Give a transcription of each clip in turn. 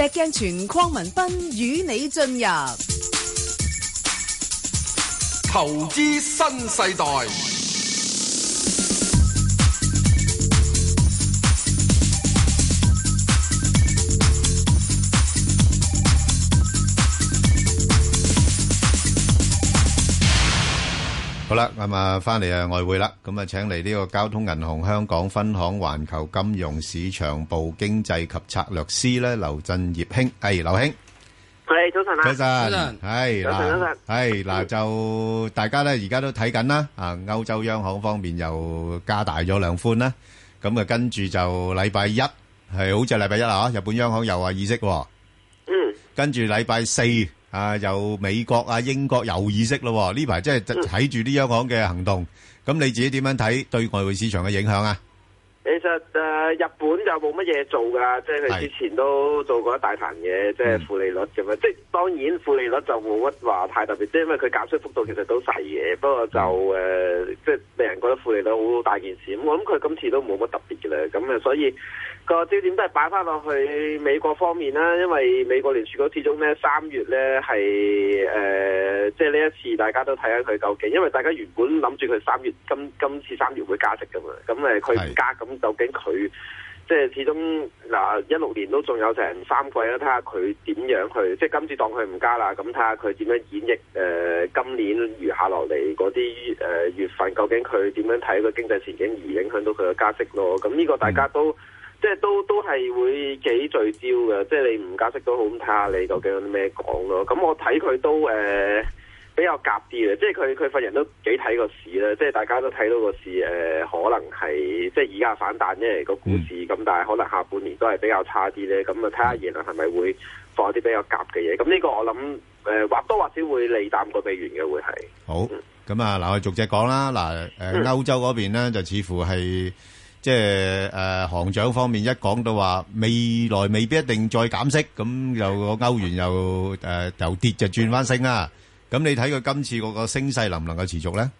石鏡泉鄺文斌與你進入投資新世代。好啦，咁啊，翻嚟啊外匯啦，咁啊，請嚟呢個交通銀行香港分行環球金融市場部經濟及策略師咧，劉振業兄，係劉兄，係。早晨啊，早晨，早晨，早晨，早晨，係。嗱，就大家咧，而家都睇緊啦，啊，歐洲央行方面又加大咗量寬啦，咁啊，跟住就禮拜一係好似禮拜一啊，日本央行又話議息，嗯，跟住禮拜四。啊、呃！由美國啊、英國有意識咯，呢排即係睇住呢香港嘅行動。咁、嗯、你自己點樣睇對外匯市場嘅影響啊？其實誒、呃，日本就冇乜嘢做噶，即係佢之前都做過一大壇嘢，即、就、係、是、負利率咁、嗯、即係當然負利率就冇乜話太特別，即係因為佢減息幅度其實都細嘅。不過就誒、呃，即係令人覺得負利率好大件事。我諗佢今次都冇乜特別嘅啦。咁啊，所以。個焦點都係擺翻落去美國方面啦，因為美國聯儲局始終咧三月咧係誒，即係呢一次大家都睇下佢究竟，因為大家原本諗住佢三月今今次三月會加息噶嘛，咁佢唔加，咁是究竟佢即係始終嗱一六年都仲有成三季啦，睇下佢點樣去，即係今次當佢唔加啦，咁睇下佢點樣演繹誒、呃、今年餘下落嚟嗰啲月份，究竟佢點樣睇個經濟前景而影響到佢嘅加息咯？咁呢個大家都。嗯即係都都係會幾聚焦嘅，即係你唔加息都好，睇下你究竟有啲咩講咯。咁我睇佢都誒、呃、比較夾啲嘅，即係佢佢份人都幾睇個市咧。即係大家都睇到個市誒，可能係即係而家反彈咧個股市，咁、嗯、但係可能下半年都係比較差啲咧。咁啊睇下言論係咪會放一啲比較夾嘅嘢。咁呢個我諗誒、呃、或多或少會利淡過美元嘅會係好。咁、嗯、啊嗱，我哋逐隻講啦。嗱、呃，誒歐、嗯、洲嗰邊咧就似乎係。即係誒，行長方面一講到話未來未必一定再減息，咁又個歐元又誒又跌就轉翻升啦。咁你睇佢今次嗰個升勢能唔能夠持續咧？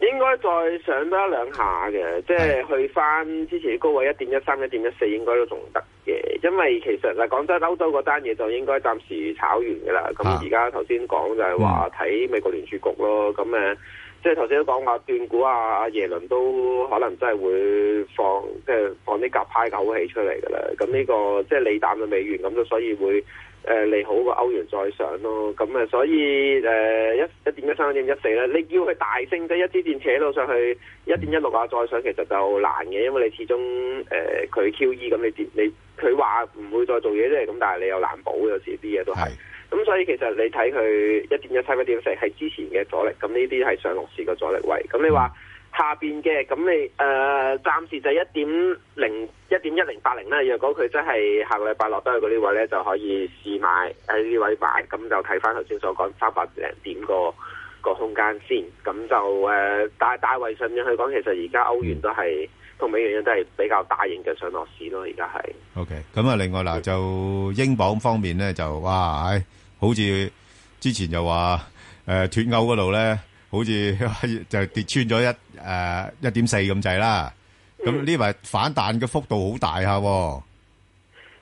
應該再上多一兩下嘅，即係去翻之前高位一點一三、一點一四，應該都仲得嘅。因為其實嗱，講真，歐洲嗰單嘢就應該暫時炒完噶啦。咁而家頭先講就係話睇美國聯儲局咯，咁誒。即係頭先都講話斷估啊，阿耶倫都可能真係會放即係放啲鴿派嘅口氣出嚟噶啦。咁呢、這個即係利淡嘅美元咁，所以會誒、呃、利好個歐元再上咯。咁啊，所以誒一一點一三、一點一四咧，你叫佢大升即係一枝箭扯到上去一點一六啊，再上其實就難嘅，因為你始終誒佢 QE 咁，你跌你佢話唔會再做嘢啫。咁，但係你又難保有時啲嘢都係。咁所以其實你睇佢一點一七一點四係之前嘅阻力，咁呢啲係上落市嘅阻力位。咁你話下面嘅，咁你誒、呃、暫時就一點零、一點一零八零咧。如果佢真係下個禮拜落去嗰啲位呢，就可以試買喺呢位買。咁就睇翻頭先所講三百零點、嗰個空間先。咁就誒，但大圍上面去講，其實而家歐元都係。同美元都係比較大型嘅上落市咯，而家係。O K，咁啊，okay, 另外嗱，就英鎊方面咧，就哇，哎、好似之前就話誒脱歐嗰度咧，好似就跌穿咗一誒一點四咁滯啦。咁呢位反彈嘅幅度好大下、啊。誒、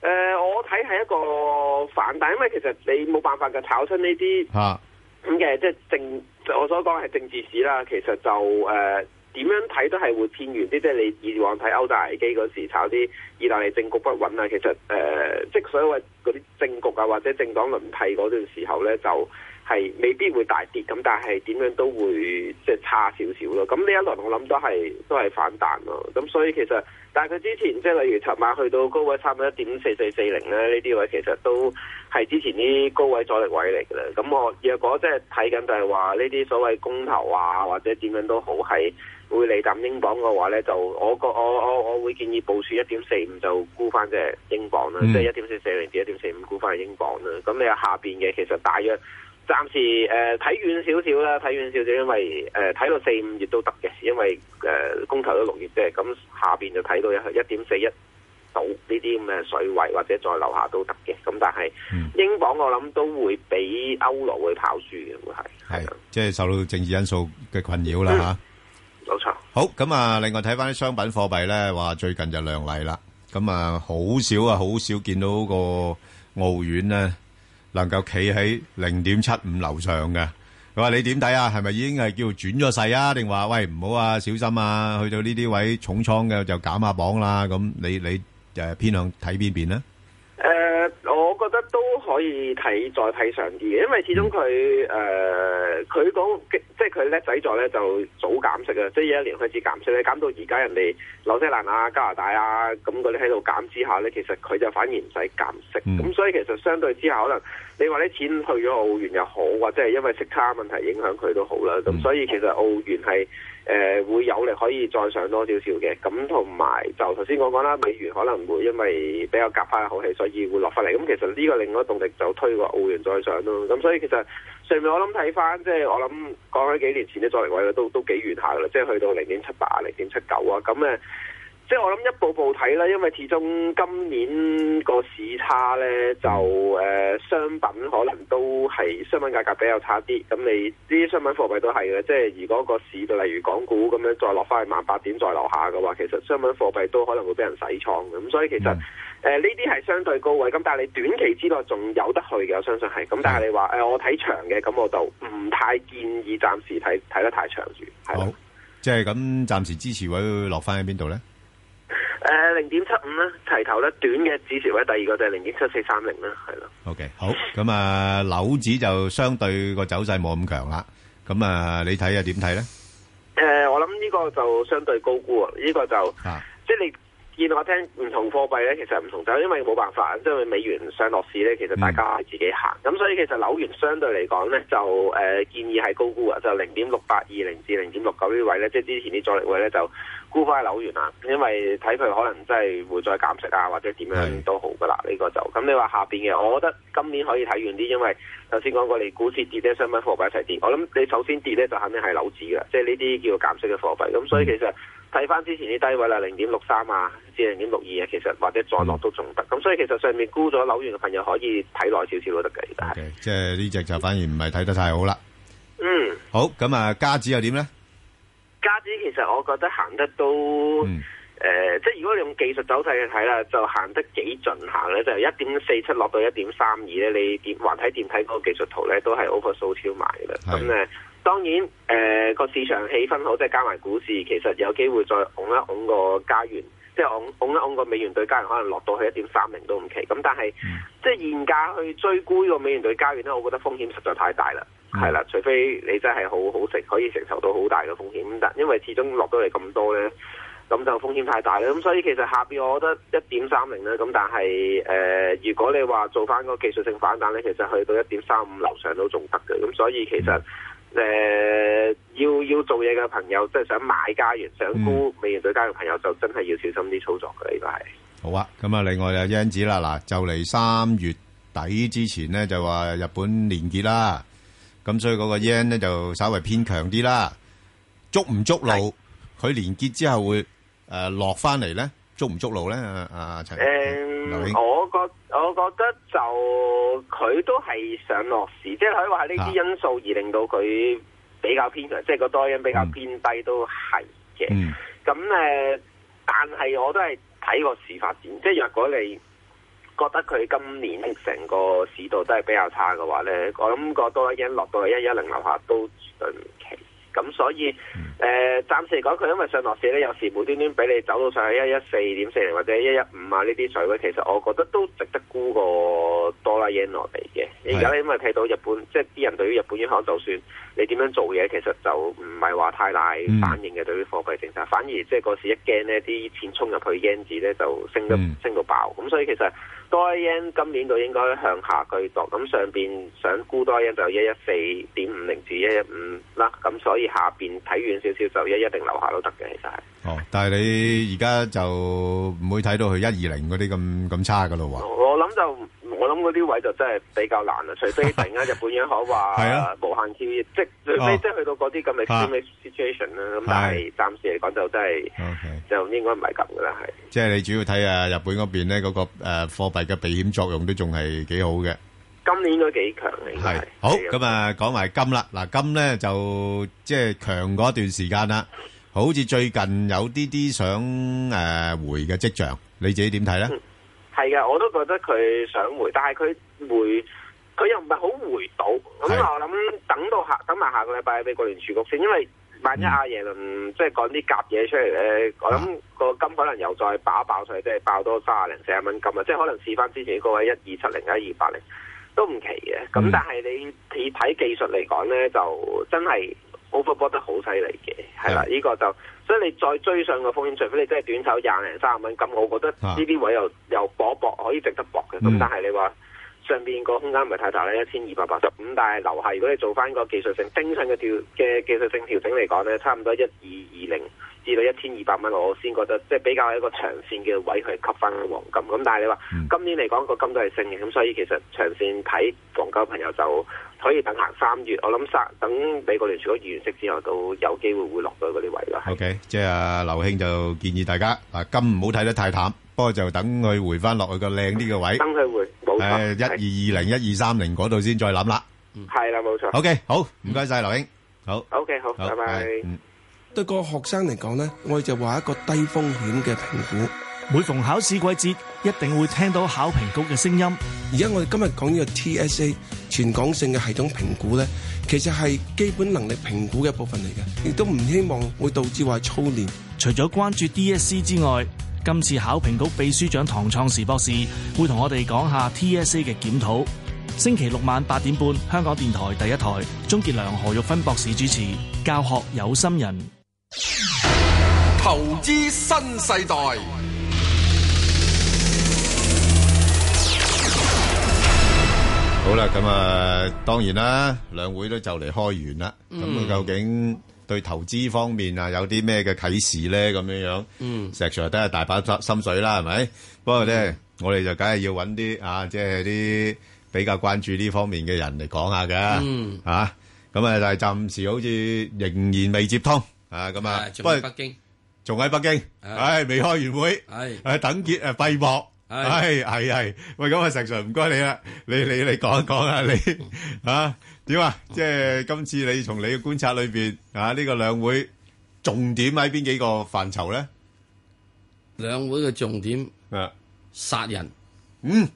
呃，我睇係一個反彈，因為其實你冇辦法嘅炒出呢啲咁嘅，即係政我所講係政治市啦。其實就誒。呃點樣睇都係會偏遠啲，即係你以往睇歐債危機嗰時炒啲意大利政局不穩啊，其實、呃、即係所謂嗰啲政局啊，或者政黨輪替嗰段時候呢，就。係未必會大跌咁，但係點樣都會即係、就是、差少少咯。咁呢一輪我諗都係都係反彈咯。咁所以其實，但係佢之前即係例如尋晚去到高位差唔多一點四四四零咧，呢啲位其實都係之前啲高位阻力位嚟嘅。咁我若果即係睇緊就係話呢啲所謂公投啊或者點樣都好係會利淡英鎊嘅話咧，就我個我我我會建議部署一點四五就估翻即係英鎊啦，即係一點四四零至一點四五估翻英鎊啦。咁你下邊嘅其實大約。暫時誒睇、呃、遠少少啦，睇遠少少，因為誒睇、呃、到四五月都得嘅，因為誒、呃、公投喺六月啫，咁下面就睇到一一點四一度呢啲咁嘅水位，或者再留下都得嘅。咁但係、嗯、英鎊我諗都會畀歐羅去跑輸嘅係，即係受到政治因素嘅困擾啦嚇，冇、嗯啊、錯。好咁啊，另外睇翻啲商品貨幣咧，話最近就量嚟啦。咁啊，好少啊，好少見到個澳元咧。能夠企喺零點七五樓上嘅，佢話你點睇啊？係咪已經係叫轉咗勢啊？定話喂唔好啊，小心啊！去到呢啲位重倉嘅就減下磅啦。咁你你誒、呃、偏向睇邊邊呢？可以睇再睇上啲嘅，因為始終佢誒佢講即係佢叻仔在咧就早減息啊，即係一年開始減息咧，減到而家人哋紐西蘭啊、加拿大啊咁佢哋喺度減之下咧，其實佢就反而唔使減息，咁、嗯、所以其實相對之下可能你話啲錢去咗澳元又好，或者係因為息差問題影響佢都好啦，咁所以其實澳元係。誒、呃、會有力可以再上多少少嘅，咁同埋就頭先講講啦，美元可能會因為比較夾翻嘅口氣，所以會落翻嚟。咁其實呢個另一個動力就推過澳元再上咯。咁所以其實上面我諗睇翻，即係我諗講緊幾年前啲阻力位咧，都都幾遠下啦，即係去到零點七八、零點七九啊，咁誒。即係我諗一步步睇啦，因為始終今年個市差咧就誒、呃，商品可能都係商品價格比較差啲。咁你呢啲商品貨幣都係嘅，即係如果個市例如港股咁樣再落翻去萬八點再樓下嘅話，其實商品貨幣都可能會俾人洗倉。咁所以其實誒呢啲係相對高位，咁但係你短期之內仲有得去嘅，我相信係。咁但係你話誒的、呃、我睇長嘅，咁我就唔太建議暫時睇睇得太長住。好，即係咁暫時支持位落翻去邊度咧？零點七五咧，齊頭咧，短嘅支持位第二個就係零點七四三零啦，係咯。O K，好，咁啊，紐紙就相對個走勢冇咁強啦。咁啊，你睇下點睇咧？誒、呃，我諗呢個就相對高估啊，呢、這個就，啊、即係你見我聽唔同貨幣咧，其實唔同就因為冇辦法，因為美元上落市咧，其實大家係自己行。咁、嗯、所以其實紐元相對嚟講咧，就誒、呃、建議係高估啊，就零點六八二零至零點六九呢位咧，即係之前啲阻力位咧就。沽翻啲澳元啊，因為睇佢可能真係會再減息啊，或者點樣都好噶啦。呢是個就咁你話下邊嘅，我覺得今年可以睇完啲，因為頭先講過你，股市跌咧，商品貨幣一齊跌。我諗你首先跌咧，就肯定係澳紙嘅，即係呢啲叫減息嘅貨幣。咁所以其實睇翻之前啲低位啦，零點六三啊，至零點六二啊，其實或者再落都仲得。咁、嗯、所以其實上面沽咗澳元嘅朋友可以睇耐少少都得嘅，而家、okay，即係呢隻就反而唔係睇得太好啦。嗯，好咁啊，加紙又點咧？揸啲，其實我覺得行得都誒、嗯呃，即係如果你用技術走勢去睇啦，就行得幾盡行咧，就一點四七落到一點三二咧，你點橫睇掂睇嗰個技術圖咧，都係 oversold 超買嘅。咁咧，當然誒個、呃、市場氣氛好，即係加埋股市，其實有機會再拱一拱個加元，即係拱拱一拱個美元對加元，可能落到去一點三零都唔奇。咁但係，嗯、即係現價去追沽呢個美元對加元咧，我覺得風險實在太大啦。係啦，除非你真係好好食，可以承受到好大嘅風險，但因為始終落到嚟咁多咧，咁就風險太大啦。咁所以其實下邊我覺得一點三零咧，咁但係誒，如果你話做翻個技術性反彈咧，其實去到一點三五樓上都仲得嘅。咁所以其實誒、嗯呃、要要做嘢嘅朋友，即、就、係、是、想買加元想沽美元、嗯、對加嘅朋友，就真係要小心啲操作嘅。呢個係好啊。咁啊，另外阿英子啦，嗱就嚟三月底之前咧，就話日本年結啦。咁所以嗰個 yen 咧就稍為偏強啲啦，捉唔捉路？佢是連結之後會，呃、落翻嚟咧，捉唔捉路咧？啊、呃、英我覺得我覺得就佢都係上落市，即係可以話係呢啲因素而令到佢比較偏強，啊、即係個多音比較偏低都係嘅。咁、嗯呃、但係我都係睇個市發展，即係若果你，覺得佢今年成個市道都係比較差嘅話呢，我諗個多啦 yen 落到去一一零樓下都唔奇，咁所以誒、呃、暫時嚟講，佢因為上落市呢，有時無端端俾你走到上去一一四點四零或者一一五啊呢啲水位，其實我覺得都值得沽個多啦，yen 落嚟嘅。而家呢，因為睇到日本，是的 即係啲人對於日本央行，就算你點樣做嘢，其實就唔係話太大反應嘅、嗯、對於貨幣政策，反而即係嗰時一驚呢啲錢衝入去 yen 呢就升得、嗯、升到爆。咁所以其實。多因今年就應該向下居多，咁上邊想沽多因就一一四點五零至一一五啦，咁所以下邊睇遠少少就一一零樓下都得嘅，其實係。哦，但係你而家就唔會睇到佢一二零嗰啲咁咁差噶咯喎。我諗就。咁嗰啲位就真係比較難啦，除非突然間日本央行話無限 QE，即係除非即係去到嗰啲咁嘅 special situation 啦。咁但係暫時嚟講就真係，就應該唔係咁噶啦。係即係你主要睇下日本嗰邊咧，嗰個誒貨幣嘅避險作用都仲係幾好嘅，今年應該幾強嘅。係好咁啊，講埋金啦。嗱，金咧就即係強過一段時間啦，好似最近有啲啲想誒回嘅跡象，你自己點睇咧？係嘅，我都覺得佢想回，但係佢回佢又唔係好回到，咁的我諗等到下等埋下個禮拜俾美國聯儲局先，因為萬一阿耶倫、嗯、即係講啲夾嘢出嚟咧，我諗個金可能又再爆一爆出嚟，即係爆多三啊零四啊蚊金啊，即係可能試翻之前嗰位一二七零、一二八零都唔奇嘅。咁、嗯、但係你你睇技術嚟講咧，就真係。overboard 得好犀利嘅，係啦，呢的個就，所以你再追上個風險，除非你真係短手廿零三十蚊，咁我覺得呢啲位又的又薄，薄，博可以值得薄嘅，咁、嗯、但係你話上邊個空間唔係太大咧，一千二百八十五。但係樓下如果你做翻個技術性精準嘅調嘅技術性調整嚟講咧，差唔多一二二零。至到一千二百蚊，我先覺得即係比較一個長線嘅位，去吸翻黃金。咁但係你話、嗯、今年嚟講，個金都係升嘅，咁所以其實長線睇黃金朋友就可以等行三月。我諗三等美國聯儲局完息之後，都有機會會落到嗰啲位啦。O、okay, K，即係啊，劉兄就建議大家啊，金唔好睇得太淡，不過就等佢回翻落去個靚啲嘅位。等佢回冇誒，一二二零、一二三零嗰度先再諗啦。嗯，係啦，冇錯。O、okay, K，好，唔該晒劉兄。好。O、okay, K，好，拜拜。對個學生嚟講呢，我哋就話一個低風險嘅評估。每逢考試季節，一定會聽到考評局嘅聲音。而家我哋今日講呢個 TSA 全港性嘅系統評估呢，其實係基本能力評估嘅部分嚟嘅，亦都唔希望會導致話操練。除咗關注 DSE 之外，今次考評局秘書長唐創時博士會同我哋講下 TSA 嘅檢討。星期六晚八點半，香港電台第一台，鍾杰良、何玉芬博士主持。教學有心人。投資新世代好啦，咁啊，當然啦，兩會都就嚟開完啦。咁、嗯、究竟對投資方面啊，有啲咩嘅啟示咧？咁樣樣，嗯，石 Sir 都係大把心水啦，係咪？不過咧，我哋就梗係要揾啲啊，即係啲比較關注呢方面嘅人嚟講下嘅，嗯、啊，咁啊，但係暫時好似仍然未接通。啊，咁啊，仲喺北京，仲喺北京，唉，未開完會，係，係等結，係閉幕，係，係，係，喂，咁啊，珊 sir，唔該你啊，你，你，你講一講啊，你，啊，點啊？即係今次你從你嘅觀察裏邊，啊，呢個兩會重點喺邊幾個範疇咧？兩會嘅重點，啊，殺人，嗯，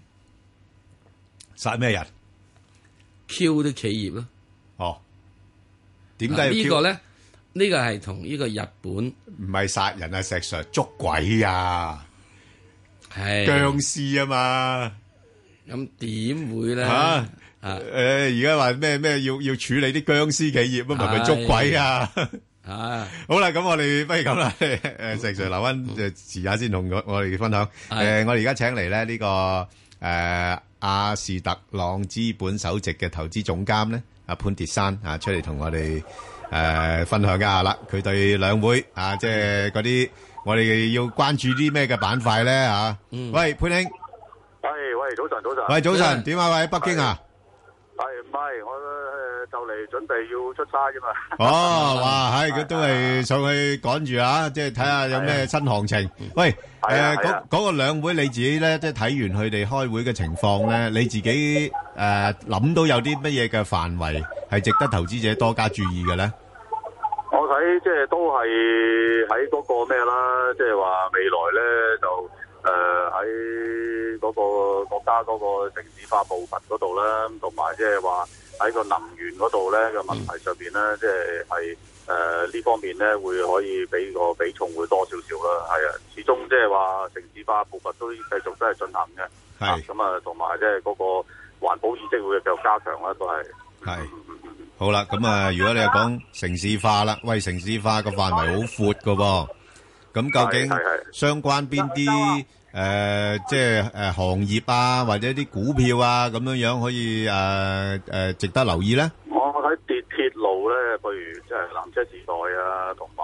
殺咩人？kill 啲企業咯，哦，點解呢個咧？呢個係同呢個日本唔係殺人啊，石 Sir 捉鬼啊，係是僵屍啊嘛，咁點、啊、會咧？啊誒，而家話咩咩要要處理啲僵屍企業咁，咪咪捉鬼啊？哎、 啊好啦，咁我哋不如咁啦，誒好石 Sir 劉溫誒，遲下先同我我哋分享。誒好、呃，我哋而家請嚟咧呢個誒阿、呃、仕特朗資本首席嘅投資總監咧，阿潘鐵珊啊，出嚟同我哋。誒，分享一下啦，佢對兩會啊，即係嗰啲我哋要關注啲咩嘅板塊咧吓？嗯，喂，潘兄，喂，喂，早晨，早晨，喂，早晨，點啊？喂，北京啊？喂，拜拜。就嚟準備要出差啫嘛！哦，哇，唉，佢都係上去趕住啊，即係睇下有咩新行情。喂，誒，嗰嗰個兩會你自己咧，即係睇完佢哋開會嘅情況咧，你自己誒諗到有啲乜嘢嘅範圍係值得投資者多加注意嘅咧？我睇即係都係喺嗰個咩啦，即係話未來咧就誒喺嗰個國家嗰個城市化部分嗰度啦，同埋即係話。喺個能源嗰度咧嘅問題上面咧，嗯、即係係誒呢方面咧會可以俾個比重會多少少啦。係啊，始終即係話城市化部分都繼續都係進行嘅。係咁是啊，同埋即係嗰個環保意識會比較加強啦，都係。係。好啦，咁啊，嗯、如果你係講城市化啦，喂，城市化個範圍好闊㗎噃，咁的究竟相關邊啲？誒、呃，即係誒、呃，行業啊，或者啲股票啊，咁樣樣可以誒誒、呃呃，值得留意咧。我睇鐵鐵路咧，譬如即係南車時代啊，同埋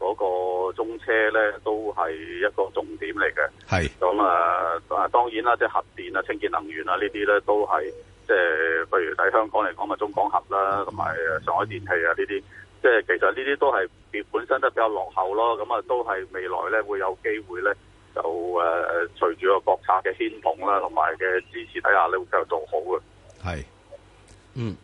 嗰個中車咧，都係一個重點嚟嘅。係是。咁啊、嗯，啊，當然啦，即、就、係、是、核電啊，清潔能源啊，呢啲咧都係即係，譬、就是、如喺香港嚟講、啊，咪中廣核啦，同埋上海電氣啊呢啲，即係、就是、其實呢啲都係本身都比較落後咯。咁啊，都係未來咧會有機會咧。就誒，隨住個國策嘅牽動啦，同埋嘅支持底下你會繼續做好嘅。係是，嗯，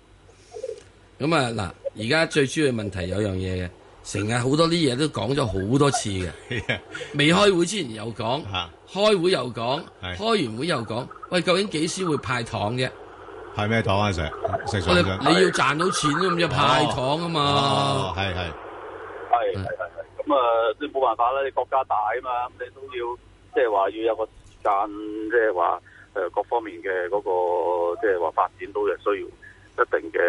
咁啊，嗱，而家最主要問題有樣嘢嘅，成日好多啲嘢都講咗好多次嘅， Yeah. 未開會之前又講，Yeah. 開會又講，Yeah. 開完會又講，Yeah. 喂，究竟幾時會派糖嘅？派咩糖啊？成日，們是你要賺到錢咁就、oh. 派糖啊嘛。係係、oh.。係係係，咁啊，你冇辦法啦，你國家大啊嘛，咁你都要即係話要有個時間，即係話誒各方面嘅嗰個，即係話發展都係需要一定嘅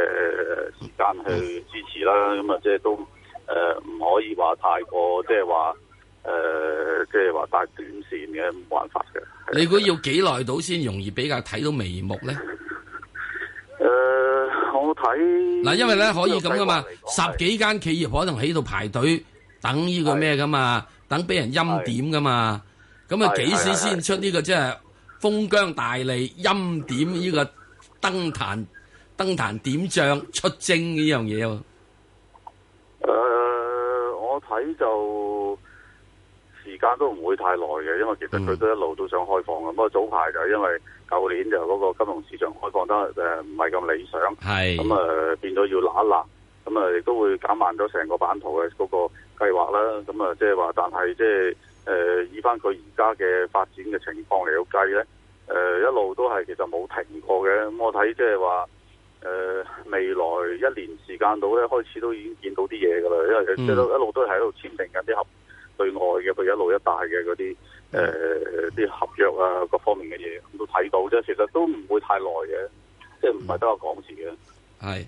時間去支持啦。咁啊的，即係都誒唔可以話太過，即係話誒，即係話太短線嘅，冇辦法嘅。你估要幾耐到先容易比較睇到眉目咧？嗱，因為咧可以咁噶嘛，十幾間企業可能喺度排隊等呢個咩噶嘛，等俾的人欽點噶嘛，咁啊幾時先出呢個即係封疆大吏欽點呢個登壇登的壇點將出征呢樣嘢啊？誒，我睇就。時間都唔會太耐嘅，因為其實佢都一路都想開放嘅，不過早排就是、因為舊年就嗰個金融市場開放得誒唔係咁理想，咁啊是、嗯、變咗要揦一揦，咁啊亦都會減慢咗成個版圖嘅嗰個計劃啦。咁啊即係話，但係即係誒依翻佢而家嘅發展嘅情況嚟計咧，誒、呃、一路都係其實冇停過嘅。咁我睇即係話誒未來一年時間度咧，開始都已經見到啲嘢噶啦，因為即係都一路都係喺度簽訂緊啲合。對外嘅佢一路一帶嘅嗰啲誒啲合約啊，各方面嘅嘢都睇到啫。其實都唔會太耐嘅，即係唔係得我講字嘅。係、嗯、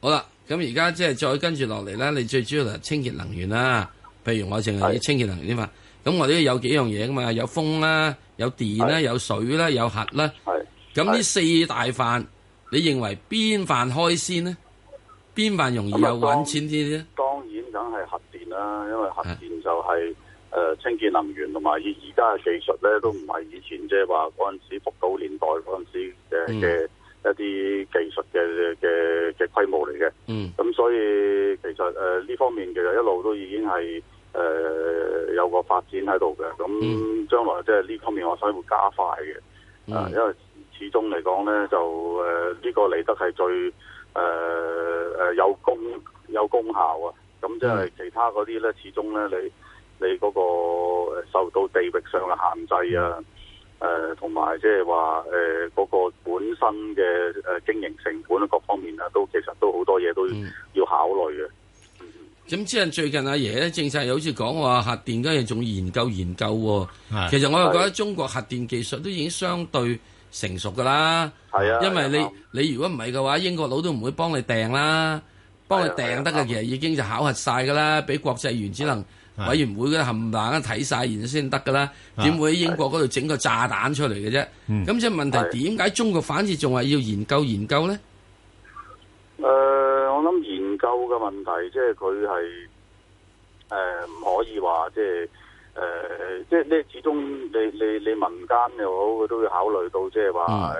好啦，咁而家即係再跟住落嚟咧。你最主要就係清潔能源啦，譬如我淨係啲清潔能源啲嘛。咁是我呢有幾樣嘢噶嘛，有風啦，有電啦，是有水啦，有核啦。係是。咁呢四大飯，是你認為邊飯開先呢？邊飯容易又揾錢啲咧？啊，因為核電就係、是、誒、呃、清潔能源同埋而而家嘅技術咧，都唔係以前即係話嗰陣時福島年代嗰陣時嘅嘅一啲技術嘅嘅嘅規模嚟嘅。嗯，咁、嗯、所以其實誒呢、呃、方面其實一路都已經係誒、呃、有個發展喺度嘅。咁將來、嗯、即係呢方面我想會加快嘅。啊、嗯呃，因為始終嚟講咧就誒呢、呃這個嚟得係最誒誒、呃、有功有功效啊。咁即係其他嗰啲咧，始終咧，你你嗰個受到地域上嘅限制啊，誒同埋即係話誒嗰個本身嘅誒經營成本啊各方面啊，都其實都好多嘢都要考慮嘅。咁之陣最近阿爺咧，政策又好似講話核電梗係仲要研究研究喎、啊。的其實我又覺得中國核電技術都已經相對成熟㗎啦。係啊的，因為你的你如果唔係嘅話，英國佬都唔會幫你訂啦。幫佢訂得嘅，其實已經就考核晒噶啦，俾對國際原子能委員會嗰啲冚唪唥睇曬然先得噶啦。點對會喺英國嗰度整個炸彈出嚟嘅啫？咁對即係問題點解對中國反而仲係要研究研究咧？誒、呃，我諗研究嘅問題是是，即係佢係誒唔可以話即係誒，即係咧，始終你你你民間又好，佢都要考慮到即係話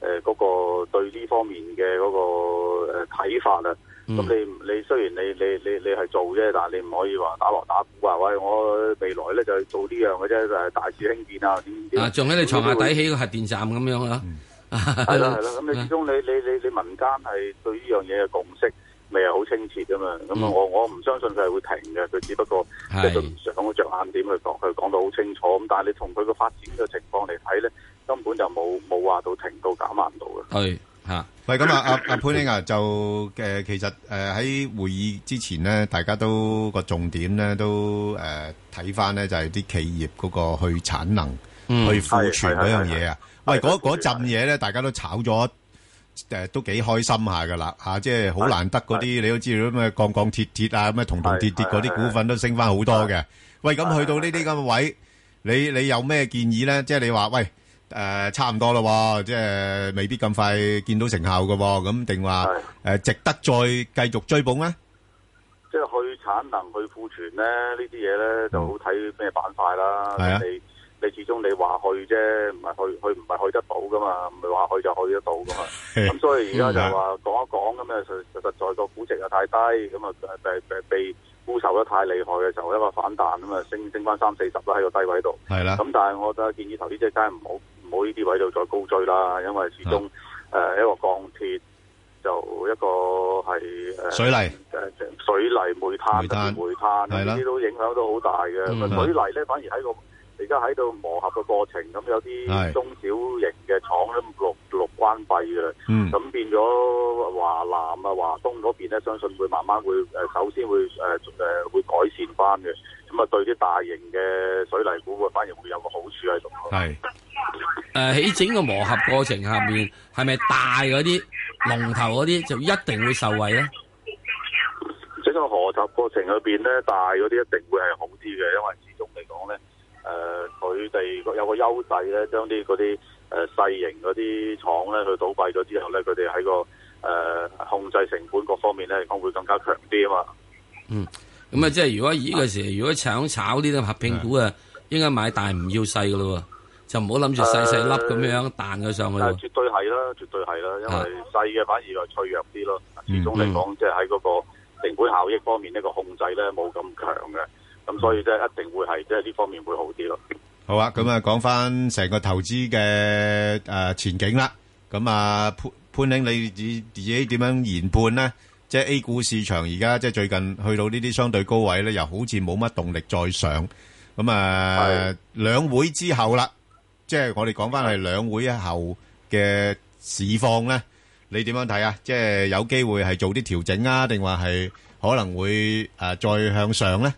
誒誒嗰個對呢方面嘅嗰個睇法啊。咁、嗯、你你雖然你你你你係做啫，但係你唔可以話打鑼打鼓啊！喂，我未來咧就係做呢樣嘅啫，就係大肆興建啊！點點點，仲喺、啊、你床下底起個核電站咁樣啦。係啦係啦，咁、啊、你始終你的你你你，你民間係對呢樣嘢嘅共識未係好清澈噶嘛？咁啊、嗯，我我唔相信佢係會停嘅，佢只不過即係佢唔想我着眼點去講，佢講到好清楚。咁但係你從佢個發展嘅情況嚟睇咧，根本就冇冇話到停到減慢到嘅。係。喂，咁啊，阿阿、啊、潘玲啊，就誒、呃，其實誒喺、呃、會議之前咧，大家都個重點咧，都誒睇翻咧，就係、是、啲企業嗰個去產能、嗯、去庫存嗰樣嘢啊。喂，嗰嗰陣嘢咧，大家都炒咗，誒、呃，都幾開心下噶啦，吓、啊，即係好難得嗰啲，的你都知咩啊，鋼鋼鐵鐵啊，咩銅銅鐵鐵嗰啲股份都升翻好多嘅、就是。喂，咁去到呢啲咁嘅位，你你有咩建議咧？即係你話喂。誒、呃，差唔多喎，即係未必咁快見到成效嘅，咁定話誒值得再繼續追捧咧？即係去產能、去庫存咧，呢啲嘢咧就好睇咩板塊啦。嗯、你你，你始終你話去啫，唔係去去唔係去得到噶嘛？唔係話去就去得到噶嘛？咁、 嗯、所以而家就話講的一講咁啊，實實在個估值又太低，咁啊被被沽售得太厲害嘅時候，一個反彈啊嘛，升升翻三四十啦，喺個低位度。係啦的。咁但係我覺得建議投呢隻真係唔好。冇呢啲位就再高追啦，因為始終誒好、呃、一個鋼鐵就一個係誒、呃、水泥水泥煤炭跟住煤炭呢啲都影響都好大嘅。嗯、係水泥咧反而喺個而家喺度磨合嘅過程，咁有啲中小型嘅廠咧陸陸關閉嘅啦，咁、嗯、變咗華南啊華東嗰邊咧，相信會慢慢會誒首先會誒誒、呃、會改善翻嘅。咁啊對啲大型嘅水泥股啊反而會有個好處喺度。誒，喺、呃、整個磨合過程下面，係咪大嗰啲龍頭嗰啲就一定會受惠咧？整個磨合過程裏邊咧，大嗰啲一定會係好啲嘅，因為始終嚟講咧，誒、呃，佢哋有個優勢咧，將啲嗰啲誒細型嗰啲廠咧，去倒閉咗之後咧，佢哋喺個誒、呃、控制成本各方面咧，會更加強啲啊嘛。嗯，咁啊，即係如果呢個時候，嗯、如果搶炒呢啲合併股啊，的應該買大唔要細噶咯。就唔好諗住細細粒咁樣彈佢上去。但係絕對係啦，絕對係啦，因為細嘅反而就脆弱啲咯。始終嚟講，即係喺嗰個成本效益方面，呢個控制咧冇咁強嘅，咁所以即係一定會係即係呢方面會好啲咯。好啊，咁啊講翻成個投資嘅誒前景啦。咁啊潘潘兄，你自自己點樣研判咧？即係 A 股市場而家即係最近去到呢啲相對高位咧，又好似冇乜動力再上。咁啊兩會之後啦。即係我哋講翻係兩會一後嘅市況咧，你點樣睇啊？即係有機會係做啲調整啊，定話係可能會誒再向上咧？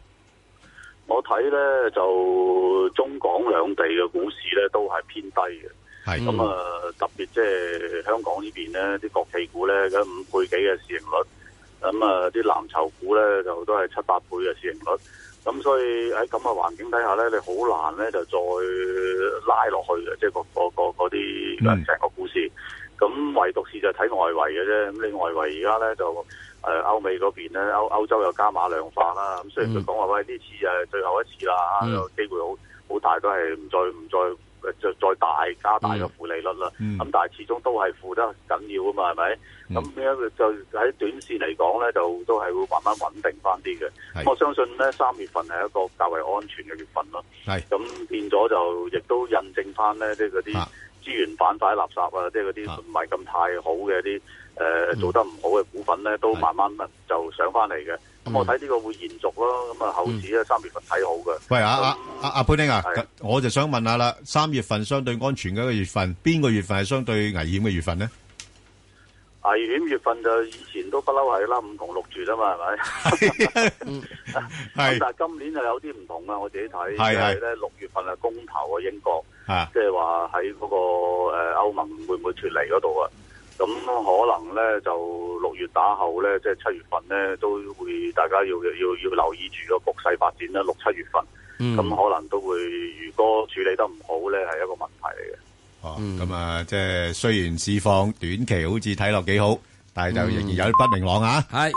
我睇咧就中港兩地嘅股市咧都係偏低嘅，係，咁啊特別即係香港呢邊咧啲國企股咧，而家五倍幾嘅市盈率，咁啊啲藍籌股咧就都係七八倍嘅市盈率。咁所以喺咁嘅環境底下咧，你好難咧就再拉落去嘅，即係個個個嗰啲成個股市。咁唯獨是就睇外圍嘅啫。咁你外圍而家咧就、呃、歐美嗰邊咧，歐洲又加碼量化啦。咁雖然佢講話喂呢次係最後一次啦，個、嗯、機會好好大都係唔再唔再再、再大加大嘅負利率啦。咁、嗯嗯、但係始終都係負得緊要啊嘛，係咪？咁呢個就喺短線嚟講咧，就都係會慢慢穩定翻啲嘅。是我相信咧，三月份係一個較為安全嘅月份咯、啊。係咁是變咗就亦都印證翻咧，即係嗰啲資源板塊垃圾啊，即係嗰啲唔係咁太好嘅啲誒做得唔好嘅股份咧，都慢慢就上翻嚟嘅。咁是我睇呢個會延續咯、啊。咁啊後市咧三月份睇好嘅。喂，阿阿阿潘丁啊，我就想問下啦，三月份相對安全嘅一個月份，邊個月份係相對危險嘅月份咧？危險月份就以前都不嬲係啦，五窮六絕啦嘛，係咪？係。咁但係今年就有啲唔同啊，我自己睇，即係咧六月份啊公投啊英國，即係話喺嗰個誒歐盟會唔會脫離嗰度啊？咁可能咧就六月打後咧，即係七月份咧都會大家要要要留意住個局勢發展啦。六七月份咁、嗯、可能都會，如果處理得唔好咧，係一個問題嚟嘅。哦，咁、嗯、啊，即係、嗯、雖然市況短期好似睇落幾好，但係就仍然有啲不明朗吓。係。